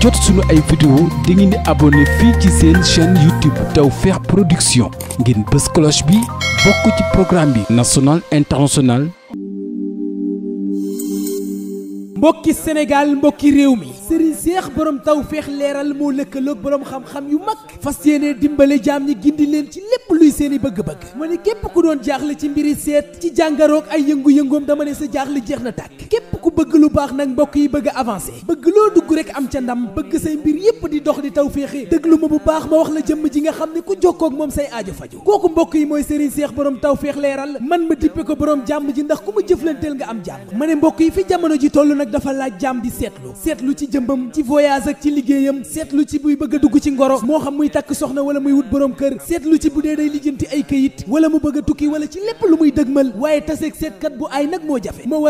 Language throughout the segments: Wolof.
jot suñu ay vidéo da ngeen di abonné fii ci seen chaîne YouTube Tawfekh Production ngeen bës cloche bi bokk ci programme bi national international mbokki Sénégal mbokki réew mi sëriñ seex borom tawféex leeral moo lëkkaloog borom xam-xam yu mag fas yéene dimbale jaam ñi gindi leen ci lépp luy seen i bëgg-bëgg ma ne képp ku doon jaaxle ci mbiri seet ci jàngaroog ay yëngu-yëngoom dama ne sa jaaxle jeex na tàkk képp ku bëgg lu baax nag mbokk yi bëgg a avancé bëgg loo dugg rek am ca ndam bëgg say mbir yépp di dox di taw féexe déglu ma bu baax ma wax la jëmm ji nga xam ne ku jokkoo ak moom say aajo faju kooku mbokk yi mooy Serigne Cheikh borom taw féex leeral man ma dippe ko borom jàmm ji ndax ku ma jëflanteel nga am jàmm ma ne mbokk yi fi jamono ji toll nag dafa laaj jàmm di seetlu seetlu ci jëmbam ci voyage ak ci liggéeyam seetlu ci buy bëgg dugg ci ngoro moo xam muy takk soxna wala muy wut borom kër seetlu ci bu dee day lijjanti ay këyit wala mu bëgg tukki wala ci lépp lu muy dëgmal waaye taseeg seetkat bu ay nag moo jafe moo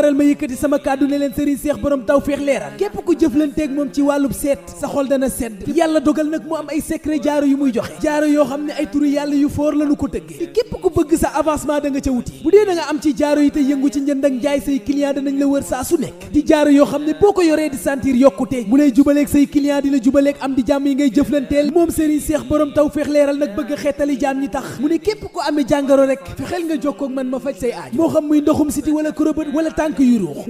ne leen sëriñ seex borom tawféex leeral képp ku jëflanteeg moom ci wàllub seet sa xol dana sedd yàlla dogal nag mu am ay secret jaaro yu muy joxe jaaro yoo xam ne ay turu yàlla yu foor lanu ko tëggee képp ku bëgg sa avancement da nga ca wuti bu dee da nga am ci jaaro yi te yëngu ci njënd ak njaay say client danañ la wër saa su nekk di jaaro yoo xam ne boo ko yoree di sentir yokkute mu lay jubaleeg say client di la jubaleeg am di jàmm yi ngay jëflanteel moom sëriñ seex borom tawféex leeral nag bëgg a xeetali ñi tax mu ne képp ku amee jàngaro rek nga jokkoo ak man ma faj say aaj xam muy ndoxum siti wala kurobët wala tànk yu ruux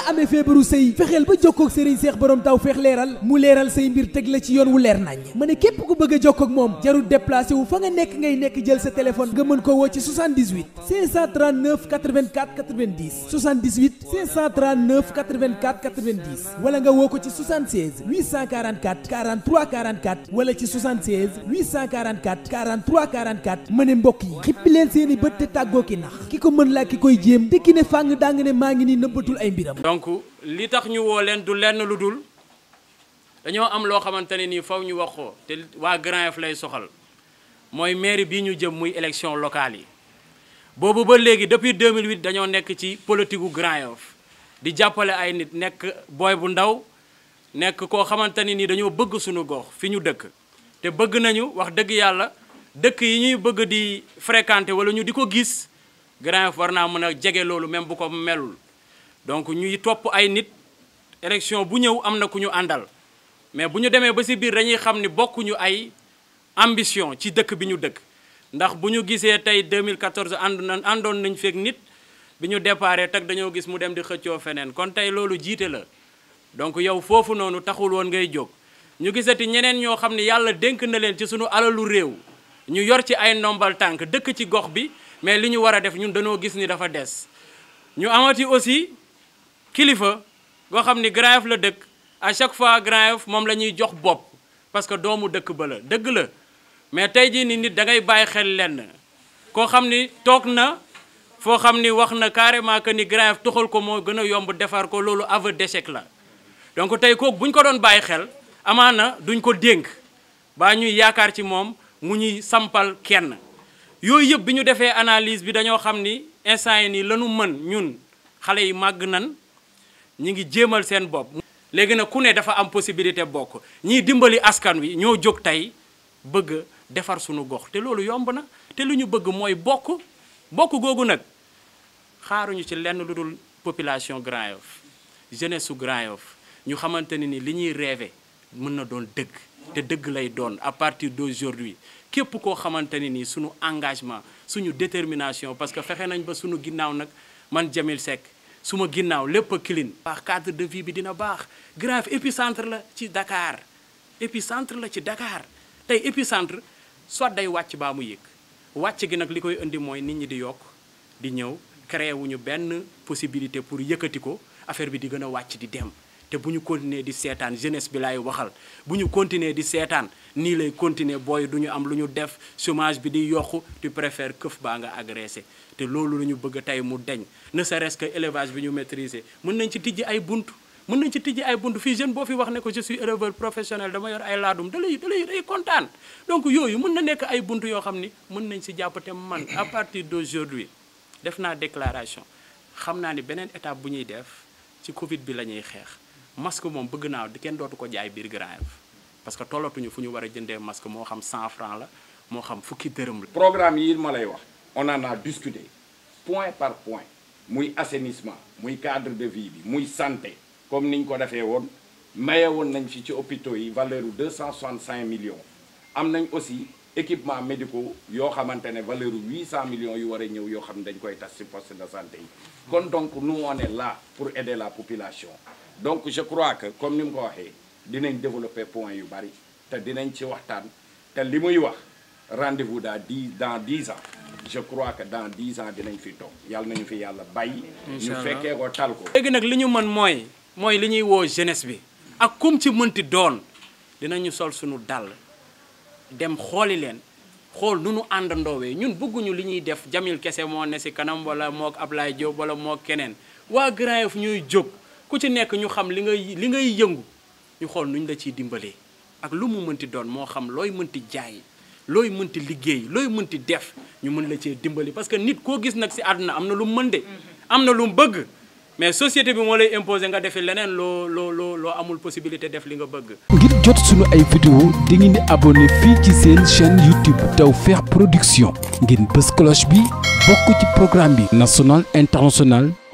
nga amee feebaru sëy fexeel ba jokkoog sëriñ seex borom taw feex leeral mu leeral say mbir teg la ci yoon wu leer nañ ma ne képp ku bëgg a jokkoog moom jarul déplacé wu fa nga nekk ngay nekk jël sa téléphone nga mën ko woo ci 78 539 84 90 78 wala nga woo ko ci 76 844 43 44 wala ci 76 844 43 44 ma ne mbokk yi xippi leen seeni bët te tàggoo ki nax ki ko mën laa ki koy jéem te ki ne fàng daa nga ne maa ngi nii nëbbatul ay mbiram donc li tax ñu woo leen du lenn lu dul dañoo am loo xamante ne nii faw ñu wax waxoo te waa Grand Yoff lay soxal mooy mairie bii ñu jëm muy élection locale yi boobu ba léegi depuis 2008 dañoo nekk ci politique gu Grand Yoff di jàppale ay nit nekk booy bu ndaw nekk koo xamante ne nii dañoo bëgg suñu gox fi ñu dëkk te bëgg nañu wax dëgg yàlla dëkk yi ñuy bëgg di fréquenter wala ñu di ko gis Grand Yoff war naa mën a jege loolu même bu ko melul donc ñuy topp ay nit élection bu ñëw am na ku ñu àndal mais bu ñu demee ba ci biir dañuy xam ni bokkuñu ay ambition ci dëkk bi ñu dëkk ndax bu ñu gisee tey 2014 ànd na àndoon nañ feeg nit bi ñu déparé teg dañoo gis mu dem di xëccoo feneen kon tey loolu jiite la donc yow foofu noonu taxul woon ngay jóg ñu gisati ñeneen ñoo xam ne yàlla dénk na leen ci suñu alalu réew ñu yor ci ay ndombal tànk dëkk ci gox bi mais li ñu war a def ñun dañoo gis ni dafa des ñu amati kilifa goo xam ni Grand Yoff la dëkk à chaque fois Grand Yoff moom la ñuy jox bopp parce que doomu dëkk ba la dëgg la mais tey jii ni nit da ngay bàyyi xel lenn koo xam ni toog na foo xam ni wax na carrément que ni Grand Yoff toxal ko moo gën a yomb defar ko loolu aveu d'échec la donc tey kooku buñ ko doon bàyyi xel amaana duñ ko dénk baa ñuy yaakaar ci moom mu ñuy sampal kenn yooyu yëpp bi ñu defee analise bi dañoo xam ni instant yi nii lanu mën ñun xale yi màgg nan ñi ngi jéemal seen bopp. léegi nag ku ne dafa am possibilité bokk ñiy dimbali askan wi ñoo jóg tey bëgg defar suñu gox te loolu yomb na te lu ñu bëgg mooy bokk bokk googu nag xaaruñu ci lenn lu dul population Grand Yoff jeunesse Grand Yoff ñu xamante ne ni li ñuy rêvé mën na doon dëgg te dëgg lay doon à partir d'aujourd'hui képp koo xamante ne ni suñu engagement suñu détermination parce que fexe nañ ba suñu ginnaaw nag man Jamil Seck su ma ginnaaw lépp a clean baax cadre de bi dina baax grave épicentre la ci Dakar épicentre la ci Dakar tey épicentre soit day wàcc baa mu yéeg wàcc gi nag li koy indi mooy nit ñi di yokk di ñëw créé wuñu benn possibilité pour yëkkati ko affaire bi di gën a wàcc di dem te bu ñu continuer di seetaan jeunesse bi laay waxal bu ñu continuer di seetaan nii lay continuer booy du ñu am lu ñu def chômage bi di yokku tu préfères këf baa nga agressé te loolu la ñu bëgg tey mu deñ ne serait-ce que élevage bi ñu maîtriser mën nañ ci tijji ay bunt mën nañ ci tijji ay bunt fii jeune boo fi wax ne ko je suis éleveur professionnel dama yor ay laadum da lay da day kontaan donc yooyu mën na nekk ay bunt yoo xam ni mën nañ si jàpp te man à partir d'aujourd'hui def naa déclaration xam naa ni beneen étape bu ñuy def ci Covid bi la ñuy xeex masque moom bëgg naa di kenn dootu ko jaay biir Grand parce que tollatuñu fu ñu war a jëndee masque moo xam 100 francs la moo xam fukki dërëm la. programme yi ma lay wax on en a discuté point par point muy assainissement muy cadre de vie bi muy santé comme niñ ko defee woon maye woon nañ fi ci hôpitaux yi valeur bu 265 millions am nañ aussi équipement médicaux yoo xamante ne valeur bu 800 millions yu war a ñëw yoo xam ne dañ koy tas ci poste de santé yi kon donc nous on est là pour aider la population donc je crois que comme ni mu ko waxee dinañ développer point yu bari te dinañ ci waxtaan te li muy wax rendez-vous dans di dans di ans je crois que dans dix ans dinañ fi toog yàlla nañu fi yàlla bàyyi ñu fekkee ko tal ko léegi li ñu mën mooy mooy li ñuy woo jeunesse bi ak kum ci mënti doon dinañu sol suñu dàll dem xooli leen xool nu nu àndandoowee ñun bëgguñu li ñuy def Jamil kese moo ne si kanam wala mook Ablaye Diop wala moo keneen waa Grand ñuy jóg ku ci nekk ñu xam li ngay li ngay yëngu ñu xool nuñ la ciy dimbalee ak lu mu mënti doon moo xam looy mënti jaay looy mënti liggéey looy mënti def ñu mën la cee dimbali parce que nit koo gis nag si àdduna am na lu mu mën de. Mm-hmm. am na lu mu bëgg mais société bi moo lay imposer nga defi leneen loo loo amul possibilité def li nga bëgg. ngir jot suñu ay vidéo di ngeen di abonné fii ci seen chaîne YouTube Tawfekh Production. ngeen bës cloche bi bokk ci programme bi. national international.